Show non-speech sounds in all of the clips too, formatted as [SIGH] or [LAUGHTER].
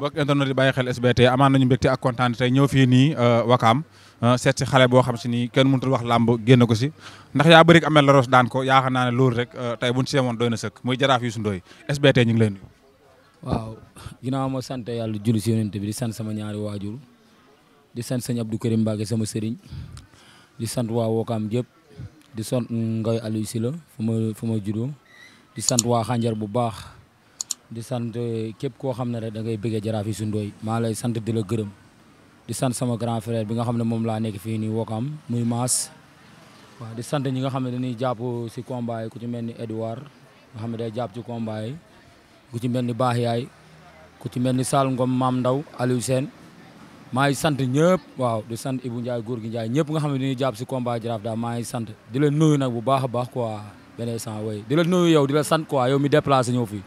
mbokk internet di bàyyi xel SBT amaan nañu mbégte ak kontaan tey ñëw euh, Wakaam euh, seet si xale boo xam si nii kenn mënutul wax làmb génn ko si ndax yaa bëri amel la ros daan ko yaakaar naa ne loolu rek euh, tey buñ seemoon doy na sëkk muy jaraaf Youssou Ndoye SBT ñu ngi lay nuyu waaw ginnaaw ma sant yàlla julli si yonent bi di sant sama ñaari waajur di sant sëñ Abdou Karim Mbacke sama sëriñ di sant waa Wakaam yëpp di sant ma ma juddoo di sant waa Xànjar bu baax di sant képp koo xam ne rek da ngay bëggee jaraaf yi sundooy maa lay sant di la gërëm di sant sama grand frère bi nga xam ne moom laa nekk fii nii Wokam muy Maas waaw di sant ñi nga xam ne dañuy jàpp ku ci mel ni Edouard nga xam ne day jàpp ci combat yi ku ci mel ni Baax Yaay ku ci mel ni Sall Ngom Maam Ndaw Aliou Sène maa ngi sant ñëpp waaw di sant Ibou Ndiaye góor gi Ndiaye ñëpp nga xam ne jàpp si combat jaraaf daal maa ngi sant di la nuyu nag bu baax a baax quoi beneen sant way di la nuyu yow di la sant ko quoi yow mi déplacé ñëw fii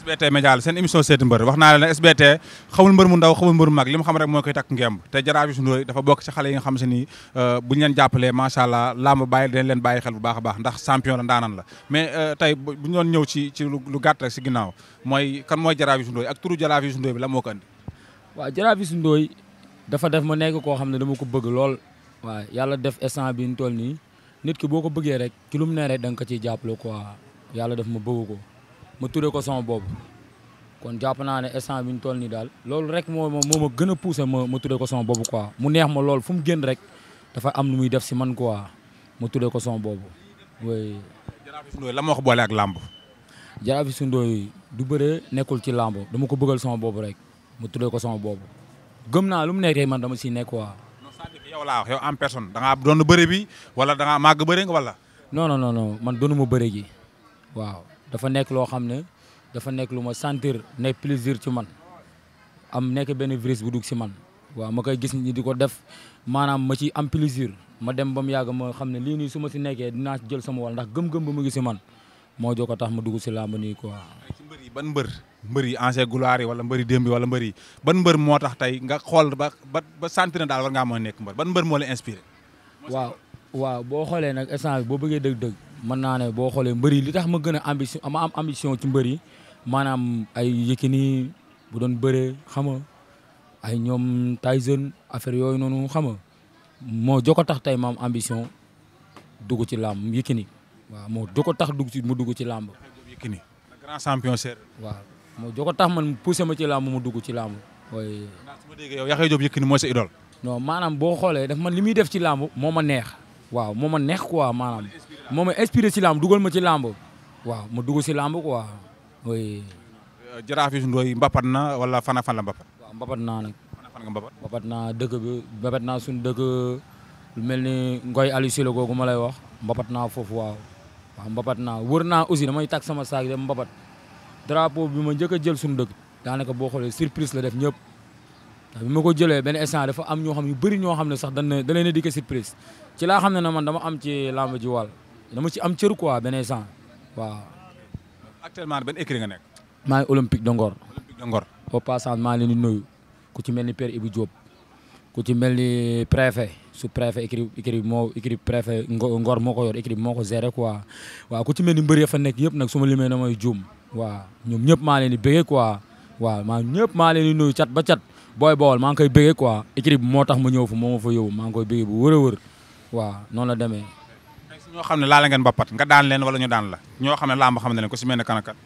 SBT Média la seen émission seeti mbër wax naa leen SBT xamul mbër mu ndaw xamul mbër mu mag li mu xam rek moo koy takk ngemb te jaraaf Youssou Ndoye dafa bokk ci xale yi nga xam euh, leen jàppalee macha allah làmb bàyyi dañ leen bàyyi a baax ndax champion la ndaanaan la mais euh, tey lu gàtt rek si ginnaaw mooy kan mooy jaraaf Youssou ak turu jaraaf Youssou Ndoye bi la moo ko andi waaw jaraaf Youssou Ndoye dafa def ma nekk koo xam ne dama ko bëgg lool waa yàlla def instant bii ñu toll nii nit ki boo ko bëggee rek ci lu mu ne rek da nga ko ciy jàppale quoi yàlla def ma bëgg ko ma tuddee ko sama boobu kon jàpp naa ne instant bi ñu toll nii daal loolu rek moom ma moo ma gën a poussé ma ma tuddee ko sama boobu quoi mu neex ma loolu fu mu génn rek dafa am nu muy def si man quoi mu tuddee ko sama boobu oui. Jaraafi Sundoy la ma wax boole ak làmb. Jaraafi Sundoy du bëree nekkul ci làmb dama ko bëggal sama boobu rek ma tuddee ko sama boobu gëm naa lu mu nekkee man dama siy nekk quoi. non en personne da ngaa doon bëre bi wala da màgg bëre nga wala. non non non man doonu waaw. dafa nekk loo xam ne dafa nekk lu ma sentir nekk plaisir ci man am nekk benn virus bu dugg si man waaw ma koy gis ñi di ko def maanaam ma ci am plaisir ma dem ba mu yàgg ma xam ne lii nii su ma si nekkee dinaa jël sama wàll ndax gëm-gëm ba mu ngi si man moo jox ko tax ma dugg si làmb nii quoi. ci yi ban mbër yi ancien gloire wala mbër yi démb wala mbër ban mbër moo tax tey nga xool ba ba sentir na daal war ngaa mën a nekk mbër ban mbër moo la inspiré. waaw waaw boo xoolee nag essence boo bëggee dëgg-dëgg. mën naa ne boo xoolee mbër yi li tax ma gën a ambition ma am ambition ci mbër maanaam ay Yékini bu doon bëree xam nga ay ñoom Tyson affaire yooyu noonu xam nga moo joko tax tey ma am ambition dugg ci làmb Yékini waaw moo joko tax dugg mu dugg ci làmb. Yékini grand champion séeréer. waaw moo joko tax man poussé ma ci làmb mu dugg ci làmb. waaye. ndax su ma déggee yow yaa ngi koy Yékini mooy sa maanaam boo xoolee daf man li muy def ci làmb moo ma neex. waaw moom ma neex quoi maanaam moo ma inspiré si làmb dugal ma ci làmb waaw ma dugg si làmb quoi oui. jaraaf Youssou Ndoye mbapat na wala fan ak fan la mbapat. waaw nag. fan ak naa dëkk bi mbapat naa suñu dëkk lu mel ni Ngoy Aliou Sylla googu ma lay wax mbapat naa foofu waaw. waaw mbapat naa wër naa aussi damay takk sama saak dem mbapat drapeau bi ma njëkk jël suñu dëkk daanaka boo xoolee surprise la def ñëpp. bi ma ko jëlee benn instant dafa am ñoo xam yu bëri ñoo xam ne sax dana ne da leen di surprise ci laa xam ne na man dama am ci làmb ji wàll dama ci am cër quoi beneen sang waaw. actuellement ban écurie nga nekk. maa ngi olympique de Ngor. olympique de maa leen di nuyu ku ci mel ni père Ibou Diop ku ci mel ni préfet su préfet écurie écurie moo écurie préfet Ngor moo ko yor écurie moo ko gérer quoi waaw ku ci mel ni mbër ya fa nekk yëpp nag su ma limee mooy juum waaw ñoom ñëpp maa leen di bëggee quoi waaw maa ñëpp maa leen di cat ba cat booy bool maa ngi koy bëggee quoi écurie bi moo tax ma ñëw fu moo ma fa yóbbu maa ngi koy bëggee bu wër waaw noonu la demee. tey si ñoo xam ne laale ngeen mbapat nga daan leen wala ñu daan la ñoo xam ne làmb xam ne leen ko si mel ne kanakat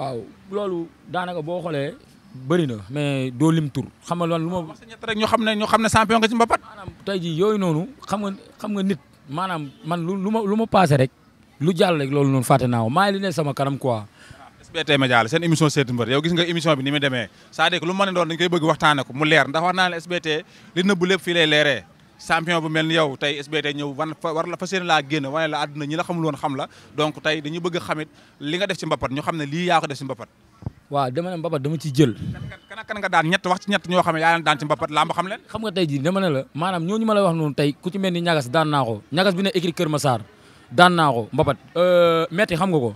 waaw loolu daanaka boo xoolee bëri na mais doo lim tur xam nga loolu lu ma. ñett ñoo xam ne ñoo xam ne champion nga ci mbapat. maanaam tey jii yooyu noonu xam nga xam nga nit maanaam man lu lu ma lu ma paase rek lu jàll rek loolu noonu fàtte naa ko maa ngi li ne sama kanam quoi. Ah, SBT Média la seen émission seetu mbër yow gis nga émission bi ni muy demee cest à lu mu mën a doon dañ koy bëgg waxtaane ko mu leer ndax wax naa ne SBT li nëbbu lépp lay leeree champion bu mel ni yow tey SBT ñëw wan war la fas laa génn wane la àdduna ñi la xamul woon xam la donc tey dañu bëgg xamit li nga def si mbapat ñu xam ne lii yaa ko def ci mbapat waaw dama ne mbapat dama ci jël kan kan nga daan ñett wax ci ñett ñoo xam ne yaa leen daan ci mbapat laa ma xam leen xam nga tey ji dama ne la maanaam ñooñu ma lay wax noonu tey ku ci mel ni ñagas daan naa ko ñagas bi ne écrit Kër Massar daan naa mbapat euh, metti xam nga ko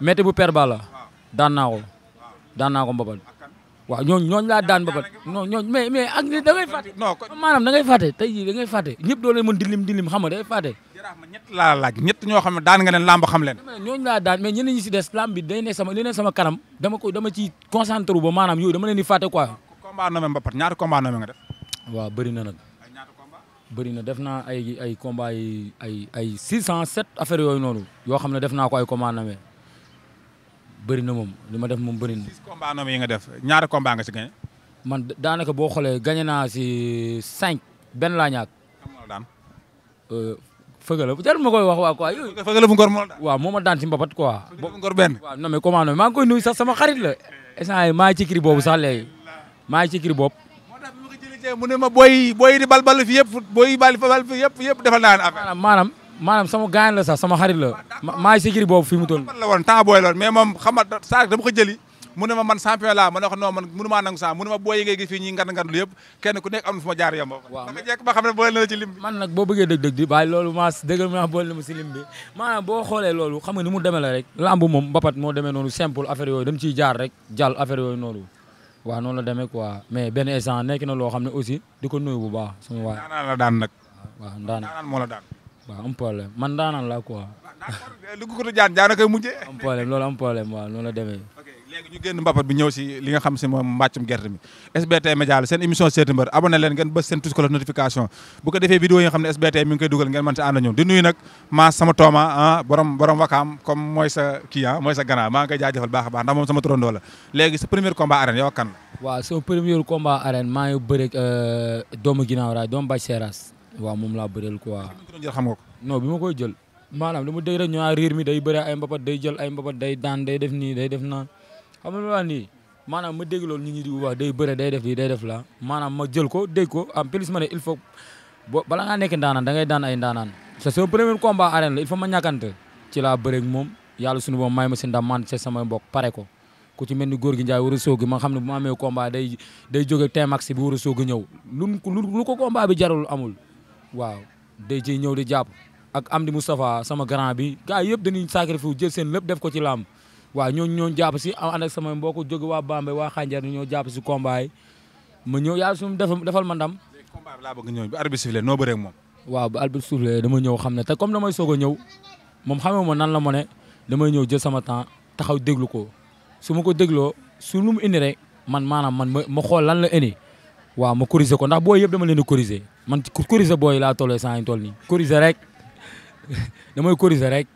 metti bu ba la daan naa waaw ñooñu ñooñu laa daan ba non ñooñu mais mais ak da ngay fàtte. non maanaam da ngay fàtte tey jii da ngay fàtte ñëpp doo leen mën dilim dilim xam nga day fàtte. jërëjëf ma ñett laa laaj ñoo xam ne daan nga leen làmb xam leen. ñooñu laa daan mais ñeneen ñi des làmb bi day ne sama li ne dama ko dama ciy concentré ba maanaam yooyu dama leen di fàtte quoi. combat nommé mbapat ñaata combat nommé nga def. waaw bëri na nag. bëri na def naa ay ay combat ay ay six cent sept affaires yooyu noonu yoo xam ne def naa ko ay combat nommé bëri na moom li ma def moom bëri na. six combats noonu yi nga def ñaari combat nga man daanaka boo xoolee gagné naa si cinq ben laa ñàkk. daan. Euh, fëgal bu jar ma koy wax waa quoi yooyu. fëgal bu ngor moo daan. waaw moo ma si mbapat quoi. fëgal bu ngor benn. waaw koy nu sax sama xarit la. instant yii maa ngi sax léegi maa ngi ci kiri boobu. ma ko jëlee mu ne ma booy booy di balbal bal bal fi yëpp yëpp defal naa maanaam sama gaañ la sax sama xarit la maa ngi si kii boobu fi mu toll. man la woon temps booy loon mais moom xam nga saa dama ko jëli mu ne ma man champion laa man mënu maa nangu saa mu ne ma booy yi ngay gis fii ñuy ngan ngan lu yëpp kenn ku nekk am na fu ma jaar yomb. waaw dama jekk ba xam ne boole na la loolu maa dëggal maa boole na ma si lim bi maanaam boo xoolee loolu xam nga ni mu rek. lamb moom mbapat moo demee noonu simple nekk na loo xam ne aussi ko nuyu bu baax sama waay. daanaan la daan waaw am problème man daanaan laa quoi. lu ko ko a koy mujjee. am problème loolu am problème waaw noonu la demee. ok léegi ñu génn bi ñëw si li nga xam si moom mbàccum gerte mi SBT Média la seen émission seeti mbër abonné leen ngeen bës seen touche cloche notification bu ko defee vidéo yi nga xam ne SBT mi ngi koy dugal ngeen mën si ànd ñëw di maa sama tooma ah, borom borom wakaam comme mooy sa ki ah mooy sa gannaaw maa ngi koy jaajëfal baax a baax ndax moom sama turandoo la léegi sa premier combat arène yow ak kan la. waaw sama premier waaw moom laa bëreel quoi. xam nga ko. non bi ma koy jël maanaam lu ma dégg rek ñu riir mi day bëre ay mbapat day jël ay mbapat day daan day def nii day def naa xam nga lu ma nii maanaam ma dégg loolu ñu ngi di day bëre day def lii day def la maanaam ma jël ko dégg ko en plus ma ne il boo bala ngaa nekk ndaanaan da ngay daan ay ndaanaan c'est son premier combat arène la il faut ma ñàkkante ci laa bëreeg moom yàlla suñu boom may ma si ndam man ci samay pare ko ku ci mel ni góor gi Njaay war a soog ma xam ne bu ma amee combat day day jóge temax bi war a soog a ñëw lu lu ko combat bi jarul amul waaw day ciy ñëw di jàpp ak am Amdi Moustapha sama grand bi gars yëpp dañuy sacrifice jël seen lépp def ko ci làmb waaw ñooñu ñoo jàpp si ànd ak sama mbook jóge waa Bambey waa Xànjar ñoo jàpp si combat ma ñëw yàlla suñu defal ma ndam. léegi combat bi laa bëgg ñëw bi arbitre sifflé noo bëree ak moom. waaw bu arbitre sifflé dama ñëw xam ne te comme damay soog a ñëw moom xamee ma nan la ma ne damay ñëw jël sama temps taxaw déglu ko su ma ko dégloo su lu mu indi rek man maanaam man ma xool lan la indi waaw ma corriger ko ndax booy yëpp dama leen di corriger man corriger booy laa tollee saa yi toll nii corriger rek [LAUGHS] damay corriger rek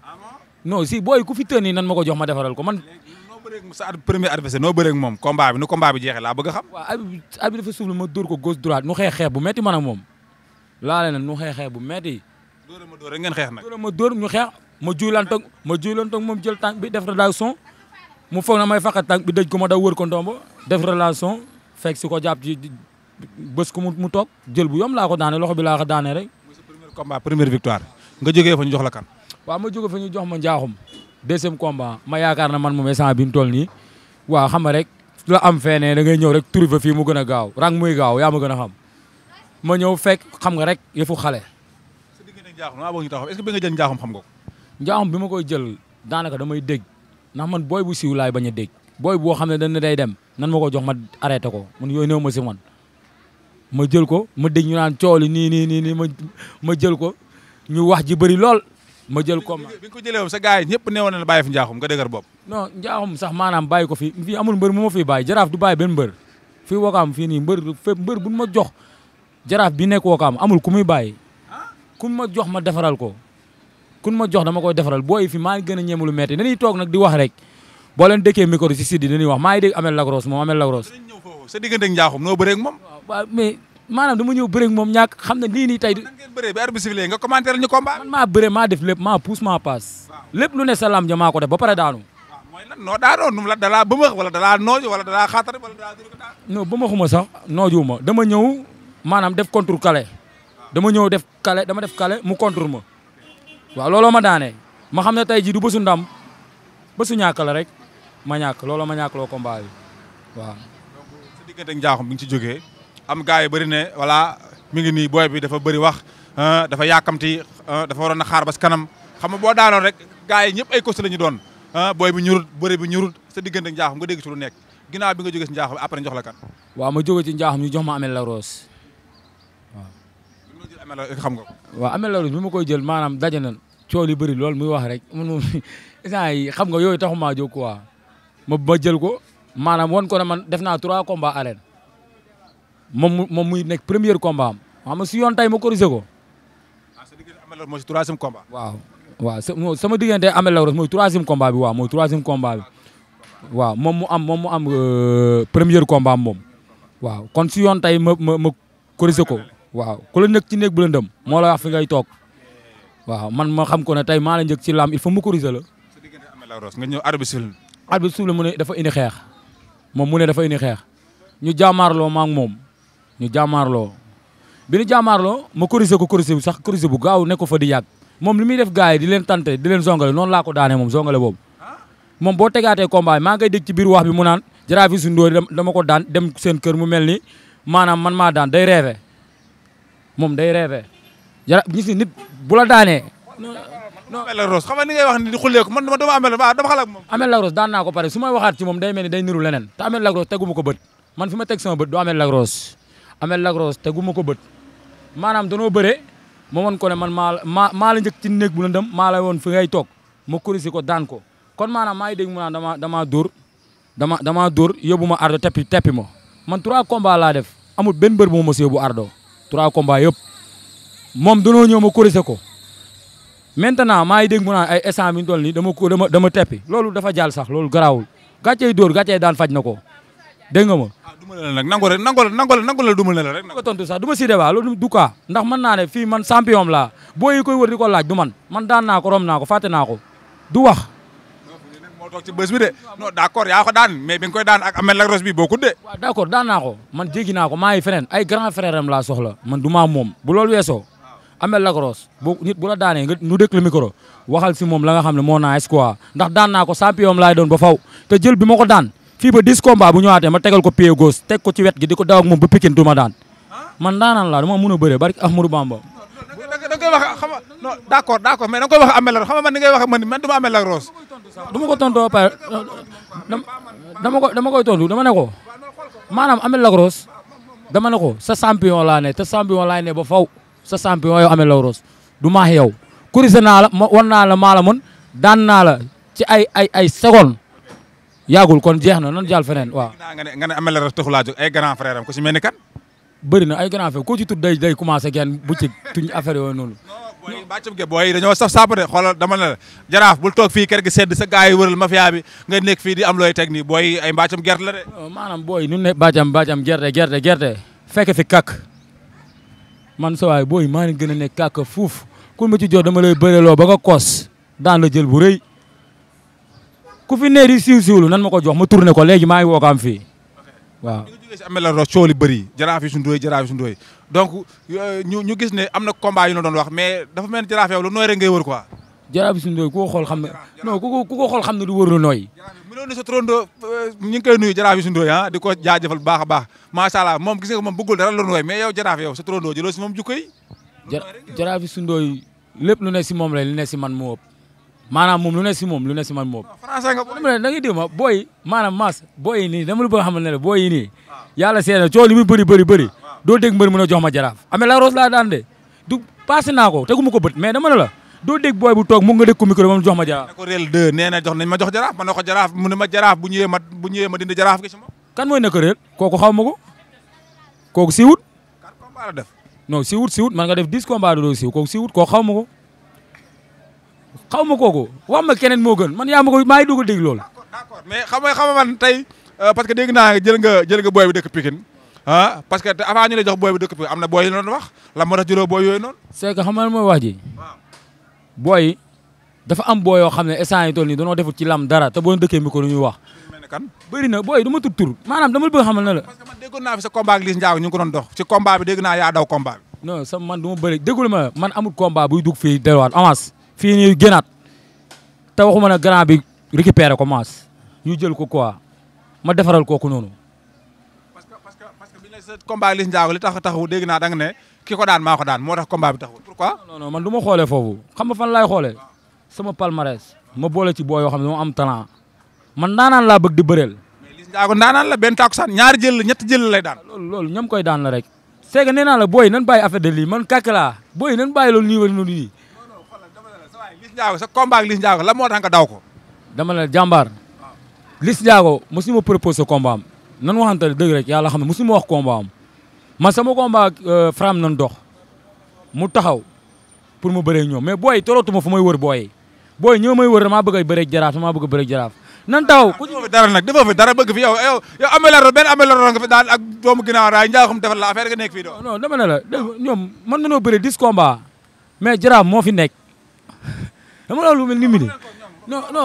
no si booy ku fi tën nan ma ko jox ma defaral ko man. sa premier adversaire noo bëree ak moom combat bi nu combat bi jeexee laa bëgg xam. waaw ma dóor ko gauche droite nu xeex xeex bu metti man ak moom laale na nu xeex xeex bu metti. dóor ma dóor rek ngeen xeex nag. dóor ma dóor ñu xeex ma juylantoog ma juylantoog moom jël tànk bi def relation mu foog na may fàq tànk bi dëj ko ma daw wër ko ndombo def relation fekk si ko jàpp bés ku mu toog jël bu yom laa ko daane loxo bi laa ko daane rek. muy sa premier combat première victoire nga jógee fa ñu jox la kan. waaw ma jógee fa ñu jox ma njaaxum deuxième combat ma yaakaar na man moom instant bi mu nii waaw xam nga rek la am feenee da ngay ñëw rek turi fa fii mu gën a gaaw rang muy gaaw yaa ma gën a xam ma ñëw fekk xam nga rek yëfu xale. sa diggante njaaxum waaw boo ñu taxaw nga jël njaaxum xam nga ko. njaaxum bi ma koy jël daanaka damay dégg ndax man booy bu siiw laay bañ a dégg booy boo xam ne da ne day dem nan ma ko jox ma arrêté ko man yooyu néew ma si ma jël ko ma dégg ñu naan coow li nii nii nii nii ma ma jël ko ñu wax ji bëri lool ma jël ko. bi nga ko jëlee sa gars yi ñëpp neewoon na la bàyyi fi njaaxum nga dëgër boob non njaaxum sax maanaam bàyyi ko fi fii amul mbër mu ma fiy bàyyi jaraaf du baay benn mbër fii wookaam fii nii mbër fépp mbër bu ma jox jaraaf bi nekk wookaam amul ku muy bàyyi kun ma jox ma defaral ko kun ma jox dama ko defaral booy fi maa gën a ñeem lu metti dañuy toog nag di wax rek boo leen dëkkee si site yi dañuy wax maa ngi dégg Amel Lagros moom waaw mais maanaam dama ñëw bëre ak moom ñàkk xam ne lii nii tey. nan ngeen bëree bi arbitre sifflé nga commenté ñu combat. man maa bëre maa def lépp maa pousse maa passe. lépp lu ne sa lam ja maa ko def ba pare daanu. waaw mooy lan noo daanoo nu mu la dalaa bëmax wala dalaa nooj wala dalaa xaatar wala dalaa. non bëmaxuma sax noojuwuma dama ñëw maanaam def contre kale. dama ñëw def kale dama def kale mu contre ma. waaw looloo ma daanee ma xam ne tey jii du bësu ndam bësu ñàkk la rek ma ñàkk looloo ma ñàkk loo combat bi waaw. donc sa diggante ak njaaxum bi nga ci jógee am gars yi bëri ne voilà mi ngi nii booy bi dafa bëri wax ah, dafa yàkkamti ah, dafa waroon a xaar ba kanam xam nga boo daanoon rek gars yi ñëpp ay coach la ñu doon ah, booy bi ñurut bëri bi ñurut sa diggante ak nga dégg ci lu nekk ginnaaw bi nga jógee si njaaxum après jox la kan. waaw ma jógee ci njaaxum ñu jox ma Amel Larosse waaw. bi ma xam nga ko. waaw Amel Larosse ma koy jël maanaam daje na coow li bëri lool muy wax rek [LAUGHS] man instant yi xam nga yooyu taxumaa jóg quoi ma ma jël ko maanaam won ko ne man def naa trois combats arène moom moom muy nekk premier combat am xam nga si yoon tay ma corrigé ko. ah sa diggante Amel mooy troisième combat. waaw waaw sama diggante Amel Lawros mooy troisième combat bi waaw mooy troisième combat waaw moom mu am moom mu am euh, premier combat am moom. waaw kon si yoon tey ma ma ma ko. waaw ku la nekk ci néeg bu lëndëm moo la wax fi ngay toog waaw man ma xam ko ne tey maa la njëkk ci laam il faut mu corrigé la. sa nga ñëw arbitre siffle. arbitre siffle mu ne dafa indi xeex moom mu ne dafa indi xeex ñu jaamaarloo ma moom. ñu jàmmaarloo bi ñu jàmmaarloo ma corrigé ko corrigé bu sax corrigé bu gaaw ne ko fa di yàgg moom li muy def gars yi di leen tante di leen zongale noonu laa ko daanee moom zongale boobu moom boo tegaatee combat yi maa ngay dégg ci biir wax bi mu naan jaraaf yi su ndóori dama ko daan dem seen kër mu mel ni maanaam man maa daan day reefe moom day reefe jara gis ni nit bu la daanee non Lagros ah, daan naa ko pare su may waxaat ci moom day mel ni day niru leneen te Amel Lagros teguma ko bët man ma teg sama bët du Amel Amel Lagros teguma ko bët maanaam danoo bëre ma won ko man maa maa maa la njëkk ci néeg bu lëndëm maa la woon fi ngay toog ma kurisi ko daan ko kon maanaam maa ngi dégg mu naan damaa damaa dama damaa dóor yóbbu ma ardo teppi teppi ma man trois combats laa def amul benn bër bu ma mos a yóbbu ardo trois combats yëpp moom danoo ñëw ma kurise ko maintenant maa ngi dégg mu naan ay essence bi ñu toll nii dama ko dama dama teppi loolu dafa jàll sax loolu garaawul gàccey dóor gàccey daan faj na ko dégg nga ma ah duma la nag nangu rek nangu la nangu ko tontu sax du ma si débat fii man champion la boo yi koy man man daan naa ko rom naa ko fàtte wax moo toog ci bés bi daan mais bi koy daan ak Amel Lagros bi bokkut de waaw d'accord daan naa ko man jéggi naa ko maa ngi feneen grand frère am laa soxla man du maa moom bu loolu weesoo Amel Lagros bu nit bu la daanee nga nu dëkk le micro waxal si moom la nga xam ne moo naa ndax daan naa ko champion laay doon ba faw te jël bi ma ko daan fii ba 10 combat bu ñëwaatee ma tegal ko pied gauche teg ko ci wet gi di ko daw ak moom ba Pikine du ma daan man daanaan laa dama mën a bëree barki Ahmadou Bamba. da ngay wax xam non d' accord d' wax Amel xam nga dama ko dama koy tontu dama ne ko maanaam Amel Rose dama ne ko sa champion laa ne te champion laa ne ba faw sa champion yow la Rose du maa yow. kurise naa la ma naa la maa la mën daan naa la ci ay ay ay seconde yaagul kon jeex na nan jàll feneen waaw. nga ne nga ne Ameth Ladoum taxul laa jóg ay grand frère am ku si mel kan. bëri na ay grand frère koo ci tudd day day commencé kenn bu ci tuñ affaire yooyu noonu. booy yi bàccam ge booy yi dañoo saf saapa de xoolal dama ne la jaraaf bul toog sa gars yi wëral mafia nga nekk fii di am looy teg nii booy yi ay mbàccam gerte booy yi nu ne bàccam bàccam gerte gerte gerte fekk fi kak man sa waay booy maa ngi gën a nekk kak fuuf ku ma ci jot dama lay bëreloo ba nga koos daan la jël bu rëy ku fi ne di siiw nan ma ko jox ma tourné ko léegi maa ngi wookaam fii waaw. li nga jógee si am mel coow li bëri jaraaf yi su ndooy jaraaf yi euh, ñu gis ne am na combat yu ñu doon wax mais dafa mel ni jaraaf yow lu nooy rek ngay wër quoi. jaraaf xam ne non ku ko ku xam ne lu nooy. mu doon ne ngi koy nuyu jaraaf yi su ah, di ko jaajëfal bu a baax macha allah moom gis nga moom bëggul dara lu nooy mais yow jaraaf yow sa turandoo su ndooy lépp lu ne si moom la li ne si man mu ëpp maanaam moom lu ne si moom lu ne si man moom. français nga booy da ngay ma booy maanaam maas booy yi nii dama la bëgg a xamal ne la booy yi nii. yàlla seede coow li muy bëri bëri bëri doo dégg mbër mën a jox ma jaraaf. amee la roos laa daan de du passé naa ko tegu ma ko bët mais dama ne la doo dégg booy bu toog mu nga dégg ko micro jox ma jaraaf. ne ko réel 2 na jox ma jox jaraaf ma ko jaraaf mu ne ma jaraaf bu ñëwee ma bu ñëwee ma dindi jaraaf gi si moom. kan mooy nekk réel kooku xaw ma ko kooku siiwut. kan combat la def. non siiwut siiwut man nga def 10 combat doo siiw kooku siiwut kooku xaw ma ko xaw ma kooku wax ma keneen moo gën man yaa ma ko maa ngi dugg dégg loolu. d'accord mais xam nga xam nga man tey euh, parce que dégg naa jël nga jël nga booy bi dëkk Pikine ah parce am na booy yu wax lan moo tax juróom booy yooyu noonu. c'est que xam nga mooy yoo xam ne instant yi toll nii ci lam dara te boo dëkkee micro ñuy wax. kan maanaam dama bëgg xamal na la. parce que man déggoon naa fi sa combat ak Liss Ndiago ñu ngi ko doon dox ci combat bi dégg naa yaa daw combat bi. non fii ñuy gënaat te waxuma ne grand bi récupéré ko maas ñu jël ko quoi ma defaral kooku noonu. parce que parce que parce que bi ne sa combat li tax taxawu dégg naa danga ne ki ko daan maa ko daan moo tax combat bi taxawul pourquoi. non non man du ma xoolee foofu xam nga fan laay xoolee sama palmarès ma boole ci boo yoo xam ne dama am talent man daanaan laa bëgg di bëreel. mais Liss Ndiago daanaan la benn takkusaan ñaari jël la ñetti jël lay daan. loolu loolu ñoom koy daan la rek. c'est que nee naa la booy nan bàyyi affaire de man kàkk laa booy nan Ndiago sa combat ak Liss la moo tax nga daw ko. dama la jàmbaar. Liss Ndiago mosu ma proposé combat am nan waxante dëgg rek yàlla xam ne mosu ma wax combat am man sama combat ak euh, Fram nan dox mu taxaw pour mu bëree ñoom mais booy torootuma fu may wër booy booy ñoo may wër damaa bëgg a bëree jaraaf damaa a bëree jaraaf. nan taxaw ku ci fi dara nag fi dara bëgg fi yow yow yow améliorer benn fi daal ak doomu ginnaaw raay Ndiago ñoom mën nañoo bëri dix combat mais jaraaf moo fi nekk. dama la lu mel ni mu nii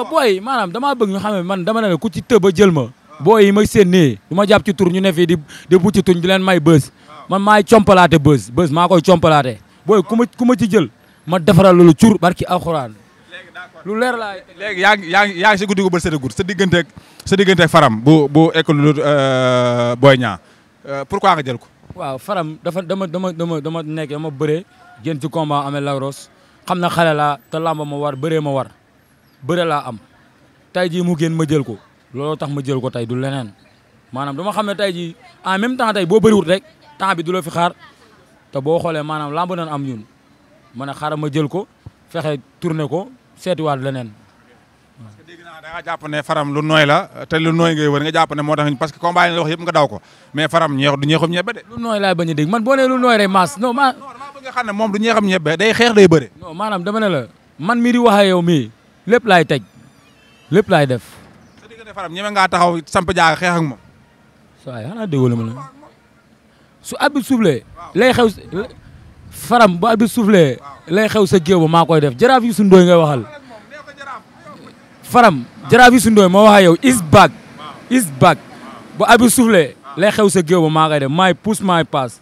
booy maanaam damaa bëgg ñu xam ne man dama ne ku ci tëb ba jël ma booy yi ma seen nee du ma jàpp ci tur ñu ne fii di di bucc tuñ di leen may bës man may compalaate bës bës maa koy compalaate booy ku ma ku ma ci jël ma defaral loolu cur barki alxuraan lu leer laa léegi yaa ngi yaa ngi yaa ngi si guddi gu sa dëggul sa digganteeg sa digganteeg faram bu bu école euh, booy ñaa euh, pourquoi nga jël ko. waaw faram dafa dama dama dama dama nekk dama bëree génn ci combat amee lagros xam na xale laa te làmba ma war bëree ma war bëre laa am tey jii mu génn ma jël ko looloo tax ma jël ko tey du leneen maanaam dama xam ne tey ji en même temps tey boo bëriwut rek temps bi du la fi xaar te boo xoolee maanaam làmb nañ am ñun ma ne xaaral ma jël ko fexe tourné ko seetiwaat leneen. parce jàpp ne faram lu nooy la te lu nooy ngay wër nga jàpp ne moo tax parce que combat yi wax daw ko mais faram ñeex du ñeexum ñebe de. lu nooy laay bañ a dégg man boo nee nga xam moom du xam ñebe day xeex day bëre. non maanaam dama ne la man mii di wax ak yow mii lépp laay tej lépp laay def. sa diggante faram ñeme ngaa taxaw samp jaaga xeex ak moom. saa yi xanaa déggoo la ne su arbitre soufflé lay xew faram lay xew sa géew ba maa koy def jaraaf Youssou Ndoye ngay waxal faram jaraaf Youssou Ndoye moo wax ak yow is back is back bu arbitre lay xew sa géew ba maa koy def maay pousse maay passe.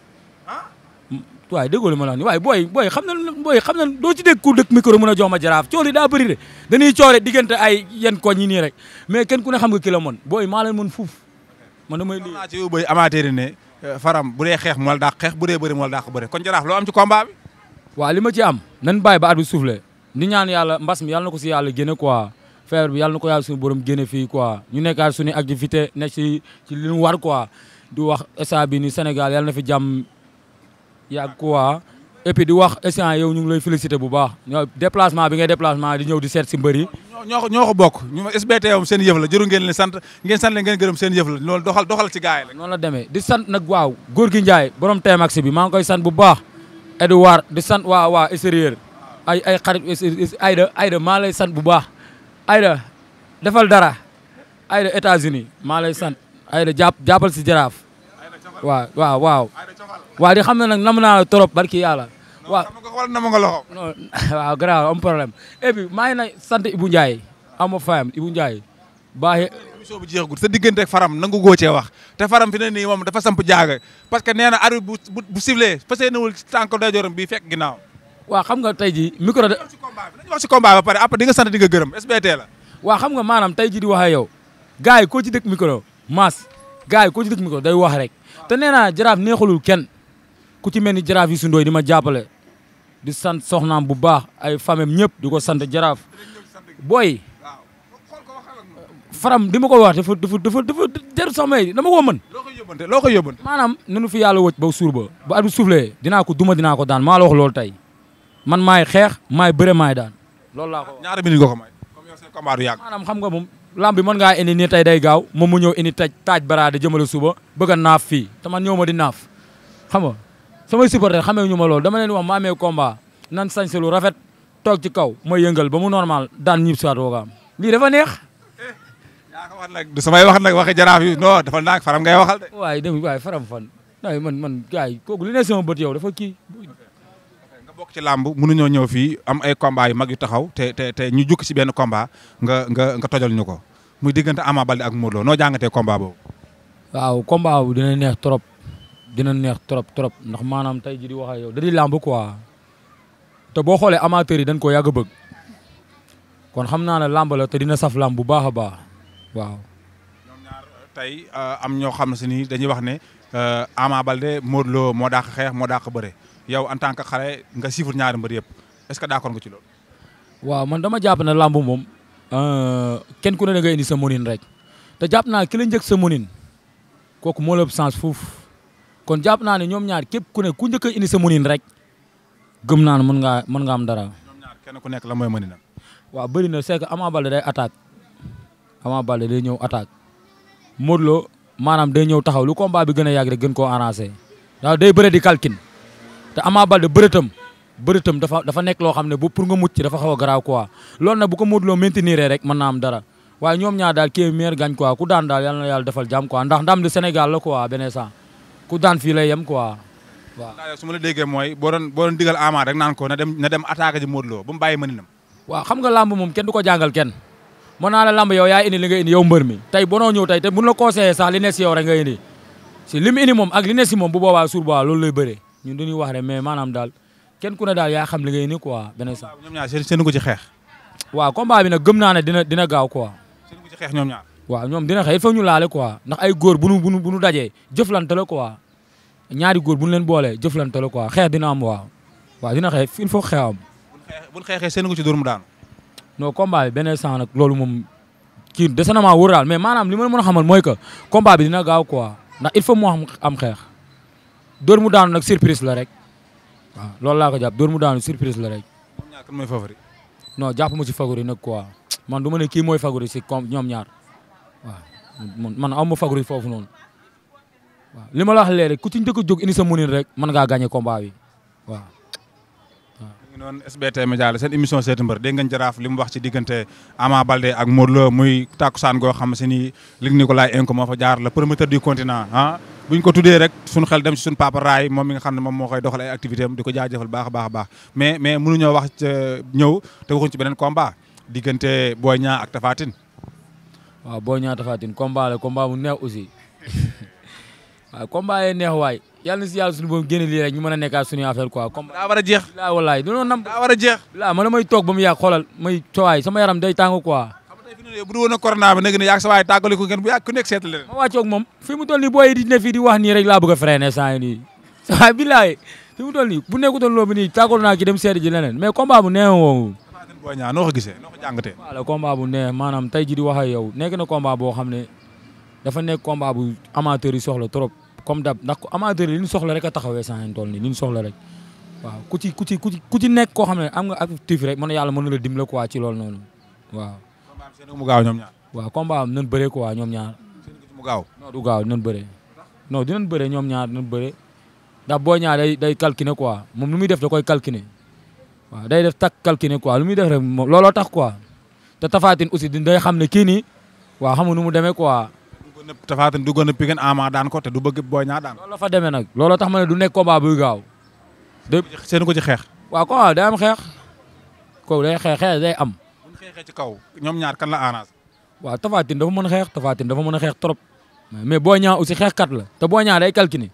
waay déggoo li ma la wax nii waaye booy booy xam na booy xam ci dégg ku dëkk micro mën a jox ma jaraaf cool yi daa bëri de dañuy coore diggante ay yenn koñ yi nii rek mais kenn ku ne xam nga la booy maa leen mën fuuf man damay lii naa ne euh, faram bu dee xeex mool dàq xeex bu dee bëri mool dàq bëri kon jaraaf loo am ci combat bi waaw li ci am nan bàyyi ba at bi suufle di ñaan yàlla mbas mi yàlla na ko si yàlla génne quoi feebar bi yàlla na ko yàlla suñu borom génne fii quoi ñu nekkaat suñu activité nekk si ci yàgg quoi et puis di wax échange yow ñu ngi lay félicité bu baax ñoo déplacement bi ngay déplacement di ñëw di seet si mbër yi. ñoo ko ñoo ko bokk ñu SBT moom seen yëf la jëru ngeen leen sant ngeen sant leen ngeen gërëm seen yëf la loolu doxal doxal ci gars yi la. noonu la demee di sant nag waaw góor gi Ndiaye borom bi maa ngi koy sant bu baax Edouard di sant waa waa extérieur ay ay xarit Aïda Aïda maa lay sant bu baax Aïda defal dara Aïda États-Unis maa lay sant Aïda jàpp jàppal si waaw waaw waaw. waaw xam na nag nam naa la trop barki yàlla. waa nam nga loxo. non [LAUGHS] waaw grave am problème et puis maa ngi na sant Ibou Ndiaye ama fayam Ibou Ndiaye baaxee. émission bi jeexagul sa diggante ak faram nangu goo cee wax te faram fi ne nii moom dafa samp jaaga parce que nee na arbitre bu bu bu sifflé fas yéenewul tànk dajooram bii fekk ginnaaw. waaw xam nga tey ji micro de. nañu wax si combat ba pare après di nga sant di nga gërëm SBT la. waaw xam nga maanaam tey ji di wax ak yow gars yi koo ci dëkk micro maas gars yi koo ci dëkk micro day wax rek. te nee naa jaraaf neexalul kenn ku ci mel ni jaraaf Youssou Ndoye di ma jàppale di sant soxnaam bu baax ay famem ñëpp di ko sant jaraaf boy faram di ma ko wax dafa dafa dafa dafa deru sax may dama koo mën. loo koy yóbbante maanaam nanu fi yàlla wëcc ba suur ba ba at bi suuflee dinaa ko duma dinaa ko daan maa la wax loolu tey man maa xeex maa bëre maay daan loolu laa ko wax. ñaari minutes lamb bi mën ngaa indi nii tey day gaaw moom mu ñëw indi taj taaj da jëmale suba bëgg a naaf fii te ñëw ma di naaf xam nga samay supporter xamee ñu ma loolu dama leen wax ma komba combat nan sañse lu rafet toog ci kaw ma yëngal ba mu normal daan ñib siwaat woogaam lii dafa neex yaa ko wax nag du samay wax nag waxi jaraaf yi non dafa naag faram ngay waxal de. waay dem waay faram fan waay man man gars kooku li ne sama bët yow dafa kii nga bokk ci làmb mënuñoo ñëw fii am ay combat yu mag yu taxaw te te te ñu jukki ci benn combat nga nga nga tojal ñu ko muy diggante Ama Baldé ak Modou noo jàngatee combat boobu. waaw combat boobu dina neex trop dina neex trop trop ndax maanaam tey jii di wax yow da di làmb te boo xoolee amateurs yi dañ koo yàgg bëgg kon xam naa ne làmb te dina saf làmb bu baax a baax waaw. Euh, tey euh, am ñoo xam ni dañuy wax ne euh, Ama Baldé Modou Lo moo dàq xeex moo dàq bëre yow en tant que xale nga siifut ñaari mbër yëpp est ce que d'accord nga ci loolu. waaw man dama jàpp na lamb moom euh, kenn ku ne da nga indi sa monin rek te jàpp naa ki la sa monin kooku moolo la sens foofu kon jàpp naa ne ñoom ñaar képp ku nekk ku njëkk a indi sa monin rek gëm naa ne mën ngaa mën nga am dara. ñoom ñaar kenn ku nekk la mooy moninam. waaw bëri na c'est que Ama Baldé day attaque Ama Baldé day ñëw attaque Modou Lo maanaam day ñëw taxaw lu combat bi gën a yàgg gën koo arrangé waaw day bëre di calcul. te Ama Baldé bëreetam bëreetam dafa dafa nekk loo xam ne bu pour nga mucc dafa xaw a garaaw quoi loolu nag bu ko Modou Lo rek mën naa am dara waaye ñoom ñaar daal kii meilleur gagne quoi ku daan daal yàlla na yàlla defal jàmm quoi ndax ndam de Sénégal la quoi beneen saa ku daan fii lay yem quoi waaw. su ma la mooy boo doon boo doon digal Ama rek naan ko na dem na dem xam nga làmb moom kenn du ko jàngal kenn mën naa la làmb yow yaa indi li nga indi yow mbër mi tey bonoo ñëw tey te mun la conseillé sax li ne si yow rek nga indi boobaa suur boobaa loolu lay bëree ñun du ñuy wax rek mais maanaam daal kenn ku ne daal yaa xam li ngay ni quoi beneen sax. ñoom ñaar ko ci xeex. waaw combat bi nag gëm naa ne dina dina gaaw quoi. seen ko ci xeex ñoom dina xeex il faut ñu laale quoi ndax ay góor bu nu bu nu bu nu dajee jëflante la quoi ñaari góor bu nu leen boolee jëflante la quoi xeex dina am wa waaw dina xeex il faut xeex am. bu ñu xeexee seen ko ci dóor mu daanu. non combat bi beneen sax nag loolu moom kii dese na maa wóor daal mais maanaam li ma mën a xamal mooy que combat bi dina gaaw quoi ndax il faut moo am xeex door mu daanu nag surprise la rek waaw loolu laa ko jàpp mu daanu surprise la rek. moom ñaar kan mooy favori. non jàpp ma ci favori nag man du ma ne kii mooy favori si comme ñoom ñaar waaw man am ma favori foofu noonu waaw li ma la wax léegi ku ci njëkk a indi sa mënin rek mën ngaa gagné combat bi waaw. noon seen émission seeti mbër dégg ngeen jaraaf li mu wax ci diggante Ama Baldé ak Modou Lo muy tàkkusaan goo xam si ni Luc Nicolaï Enco moo fa jaar la promoteur du continent ah buñ ko tuddee rek suñu xel dem ci suñu papa raay moom mi nga xam ne moom moo koy doxal ay activité am di ko jaajëfal baax a baax a baax mais mais mënuñoo wax ñëw te waxuñ ci beneen combat diggante Boy Niang ak Tapha Tine waaw Boy Niang Tapha Tine combat la combat neex aussi [LAUGHS] waaw combat yee neex waay yàlla na si yàlla suñu boobu génne lii rek ñu mën a nekkaat suñu affaire quoi. combat daa war a jeex. daa walaay du a nam daa war a jeex. laa man damay toog ba mu yàgg xoolal may coowaay sama yaram day tàng quoi. bu du woon a corona bi bu nekk seet leen ma wàccoog moom fi mu toll nii booy di ne fii di a freiné saa di wax ak yow nekk na combat boo xam ne dafa nekk combat bu amateur yi soxla trop comme dab ndax amateur yi li ñu soxla rek a taxawee saa yi toll nii li ñu soxla rek waaw ku nekk koo xam ne am nga actif rek mën na yàlla mën na la dimbali quoi ci loolu noonu waaw mu gaaw ñoom ñaar. waaw combat am nañ bëree quoi ñoom ñaar. mu gaaw non du gaaw dinañ bëree. non dinañ bëree ñoom ñaar dinañ bëree ndax boo ñaar day day calculer quoi moom lu muy def da koy calculer waaw day def tak calculer quoi lu muy def rek moom looloo tax quoi te tafaatin aussi day xam ne kii nii waaw xam nga nu mu demee quoi. tafaatin du gën a piquant ama daan ko te du bëgg boo ñaar daan. loolu la fa demee nag looloo tax ma ne du nekk combat buy gaaw. day seen ko ci xeex. waaw ko day am xeex. ko day xeex xeex day am. xeexee ci kaw ñoom ñaar kan la arrange. waaw Tapha Tine dafa mën a xeex Tapha Tine dafa mën a xeex trop. mais Boy Niang aussi xeexkat la te Boy Niang day calculer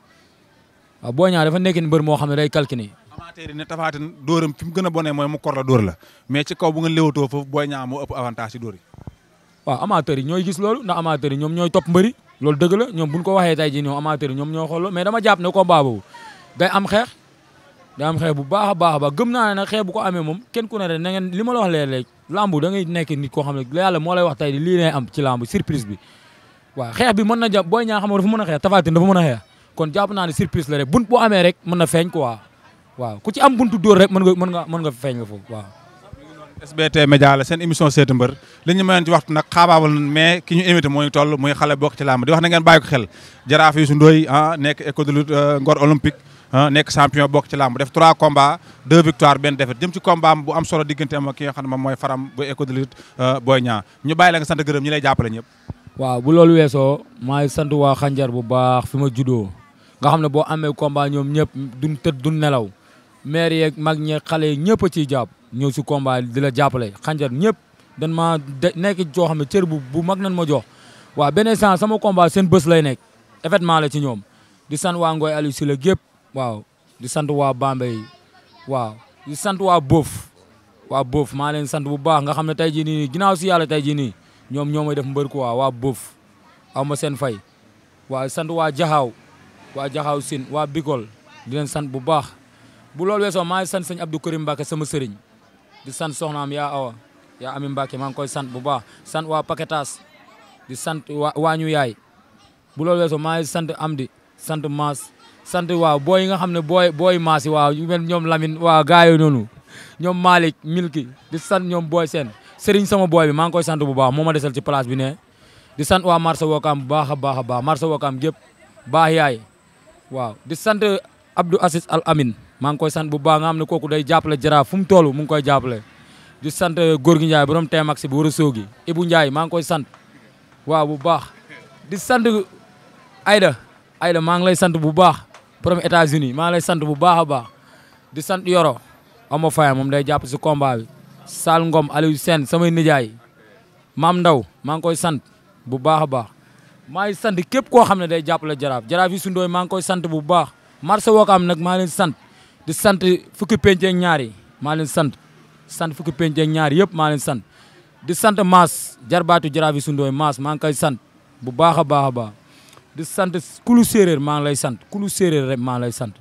waaw Boy Niang dafa nekk ni mbër moo xam ne day calculer. amateur yi ne Tapha Tine dóoram fi mu gën a bonee mooy mu kor la dóor la mais ci kaw bu nga léwatoo foofu Boy Niang moo ëpp avantage ci dóor yi. waaw amateur yi ñooy gis loolu ndax amateur yi ñoom ñooy topp mbëri loolu dëgg la ñoom bu ñu ko waxee tey jii ñoom amateur yi ñoom ñoo xool mais dama jàpp ne combat boobu day am xeex day am xeex bu baax a baax a baax gëm naa ne nag xeex bu ko amee moom kenn ku ne rek na ngeen li ma la wax léeg-léeg lambu da ngay nekk nit koo xam ne yàlla moo lay wax tey lii am ci lambu surprise bi waaw xeex bi mën na jàpp booy ñaa xam dafa mën a xeex Tapha Tine dafa mën a kon jàpp naa surprise la rek bunt boo amee rek mën na feeñ quoi waaw ku ci am buntu dóor rek mën nga mën nga mën nga feeñ nga foofu waaw SBT Média la seen émission seetu mbër li ñu mayoon ci waxtu nag xaabaabal na mais ki ñu invité mooy toll mooy xale bokk ci làmb di wax na ngeen bàyyi ko xel jaraaf Youssou Ndoye ah nekk école de lutte euh, Ah, nekk champion bokk ci làmb def 3 combats 2 victoires benn défaite jëm ci combat am bu am solo diggante am ak ki nga xam mooy faram bu école de lutte euh, Boy Niang ñu bàyyi la nga sant gërëm ñi lay ñëpp. waaw bu loolu weesoo maay sant waa Xanjar bu baax fi ma juddoo nga xam ne boo amee combat ñoom ñëpp duñ tëdd du nelaw maire yeeg mag ñeeg xale yeeg ñëpp a ciy jàpp ñëw si combat di la jàppale Xanjar ñëpp dan maa nekk joo xam ne cër bu bu mag nan ma jox waaw beneen sens sama combat seen bés lay nekk événement la ci ñoom di sant waa Ngoy Aliou si waaw di sant waa Bambey waaw di sant waa Boof waa Boof maa leen sant bu baax nga xam ne tey jii nii ginnaaw si yàlla tey jii nii ñoom ñoo may def mbër quoi waa Boof aw ma seen fay waaw sant waa Jaxaaw waa Jaxaaw Sine waa Bikol di leen sant bu baax bu loolu weesoo maa ngi sant sëñ Abdou Karim Mbacke sama sëriñ di sant soxnaam yaa awa yaa Ami Mbacke maa ngi koy sant bu baax sant waa Paquetas di sant waa waa ñu yaay bu weesoo maa sant Amdi sant Maas sant waaw booy yi nga xam ne booy booy maasi waaw yu mel ñoom Lamine waaw gars yooyu noonu ñoom Malick Milki di sant ñoom booy seen Serigne sama booy bi maa ngi koy sant bu baax moo ma desal ci place bi ne di sant waa marché Wakaam bu baax a baax a baax marché Wakaam gépp baax yaay waaw di sant Abdou Assis Al Amin maa ngi koy sant bu baax nga xam ne kooku day jàppale jaraaf fu mu toll mu ngi koy jàppale di sant Gorgui Ndiaye borom teemax bi war a soogi Ibou Ndiaye maa ngi koy sant waaw bu baax di sant Aïda maa ngi lay sant bu baax premier États-Unis maa lay sant bu baax a baax di sant Yoro Ama Faye moom day jàpp si combat bi Sal Ngom Aliou seen samay nijaay maam Ndaw maa ngi koy sant bu baax a baax maa ngi sant képp koo xam ne day jàppale jaraaf jaraaf yi sundooy maa ngi koy sant bu baax marché Wakaam nag maa leen sant di sant fukki penc ak ñaar maa leen sant sant fukki penc ñaar yëpp maa leen sant di sant maas jarbaatu jaraaf yi sundooy maas maa ngi koy sant bu baax a baax a baax di sant kulu séeréer maa ngi lay sant kulu rek maa lay sant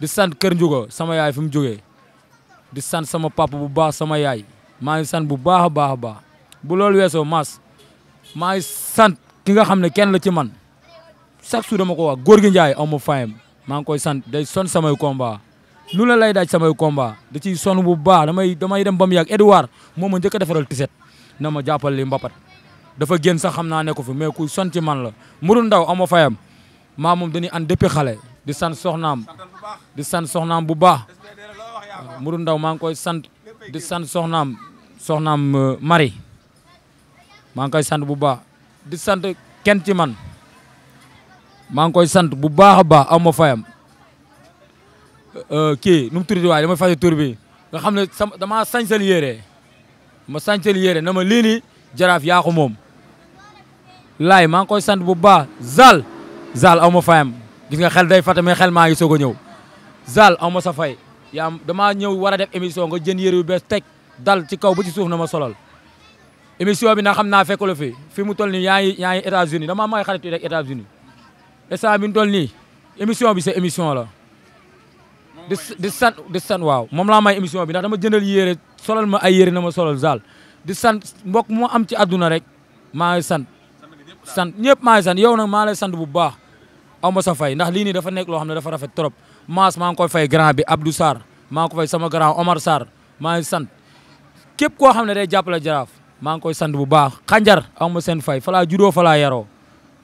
di sant kër Ndiouga sama yaay fi mu jógee di sant sama papa bu baax sama yaay maa ngi sant bu baax a baax a baax bu loolu weeso mas maa sant ki nga xam ne kenn la ci man chaque jour dama ko wax góor gi Ndiaye aw ma fayam maa ngi koy sant day son samay combat lu la lay daaj samay combat da ci son bu baax damay damay dem ba mu yàgg Edouard moo ma njëkk a defaral tiset na ma jàppal li mbapat dafa génn sax xam naa ne ko fi mais ku sant man la Modou Ndaw ama fayam maa moom dañuy ànd depuis xale di sant soxnaam di sant soxnaam bu baax Modou Ndaw maa ngi koy sant di sant soxnaam soxnaam euh, mari maa ngi koy sant bu baax di sant kenn ci man maa ngi koy sant bu baax a baax ma fayam euh, kii nu mu tudd waaye damay fàtte tur bi nga xam ne sama damaa sañsal yére ma sañsal yére na ma lii nii jaraaf yaa ko moom laay maa ngi koy sant bu baa Zal Zal aw ma fayam gis nga xel day fàtte mais xel maa ngi soog a ñëw Zal aw ma sa fay damaa ñëw war a def émission nga jën yére yu bees teg dal ci kaw bu ci suuf na ma solol émission bi nag xam naa fekk la fi fi mu toll nii yaa ngi yaa ngi États-Unis damaa may xarit rek États-Unis instant bi mu toll nii émission bi sa émission la. di di sant waaw moom laa may émission bi ndax dama jëndal yére solal ma ay yére na ma solal Zal di sant mbokk mu am ci àdduna rek maa ngi sant ñëpp maa ngi sant yow nag maa lay sant bu baax aw ma sa fay ndax lii nii dafa nekk loo xam ne dafa rafet trop maas maa ngi koy fay grand bi Abdou Sarr maa ngi ko fay sama grand Omar Sarr maa ngi sant képp koo xam ne day jàppale jaraaf maa ngi koy sant bu baax xanjar aw ma seen fay falaa judoo falaa yaroo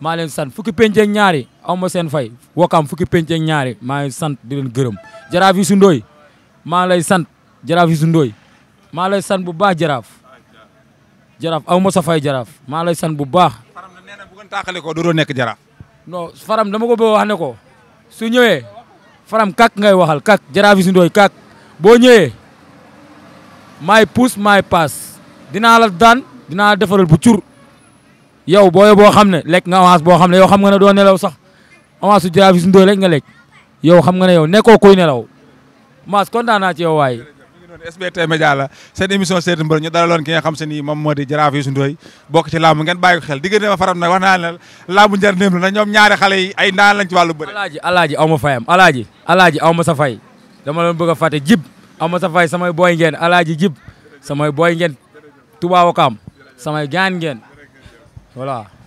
maa leen sant fukki penc ak ñaari aw ma seen fay wakaam fukki penc ak ñaari maa sant di gërëm jaraaf yi maa lay sant jaraaf yi su maa lay sant bu baax jaraaf jaraaf aw fay jaraaf maa lay sant bu baax taaxale ko dootoo nekk jaraaf. non faram dama ko bëgg wax ne ko su ñëwee faram kak ngay waxal kak jaraaf yi kak boo ñëwee maay puus maay paas dinaa la daan dinaa la defaral bu cur yow booyoo boo xam ne lekk nga avance boo xam ne yow xam nga ne doo nelaw sax avance su jaraaf yi si nga lekk yow xam nga ne yow nekkoo kuy nelaw maas kontaan naa ci waaye. noonu SBT Média la seen émission seeti mbër ñu dalaloon ki nga xam se ni moom moo di jaraaf Youssou Ndoye bokk ci làmb ngeen bàyyi ko xel ma faram nag wax naa ne làmb ñoom ñaari xale ay ndaan lañ ci wàllu alaaji alaaji fayam alaaji alaaji sa fay dama doon bëgg a jib aw sa fay samay booy ngeen alaaji jib samay booy ngeen tubaawa kaam samay gaan ngeen voilà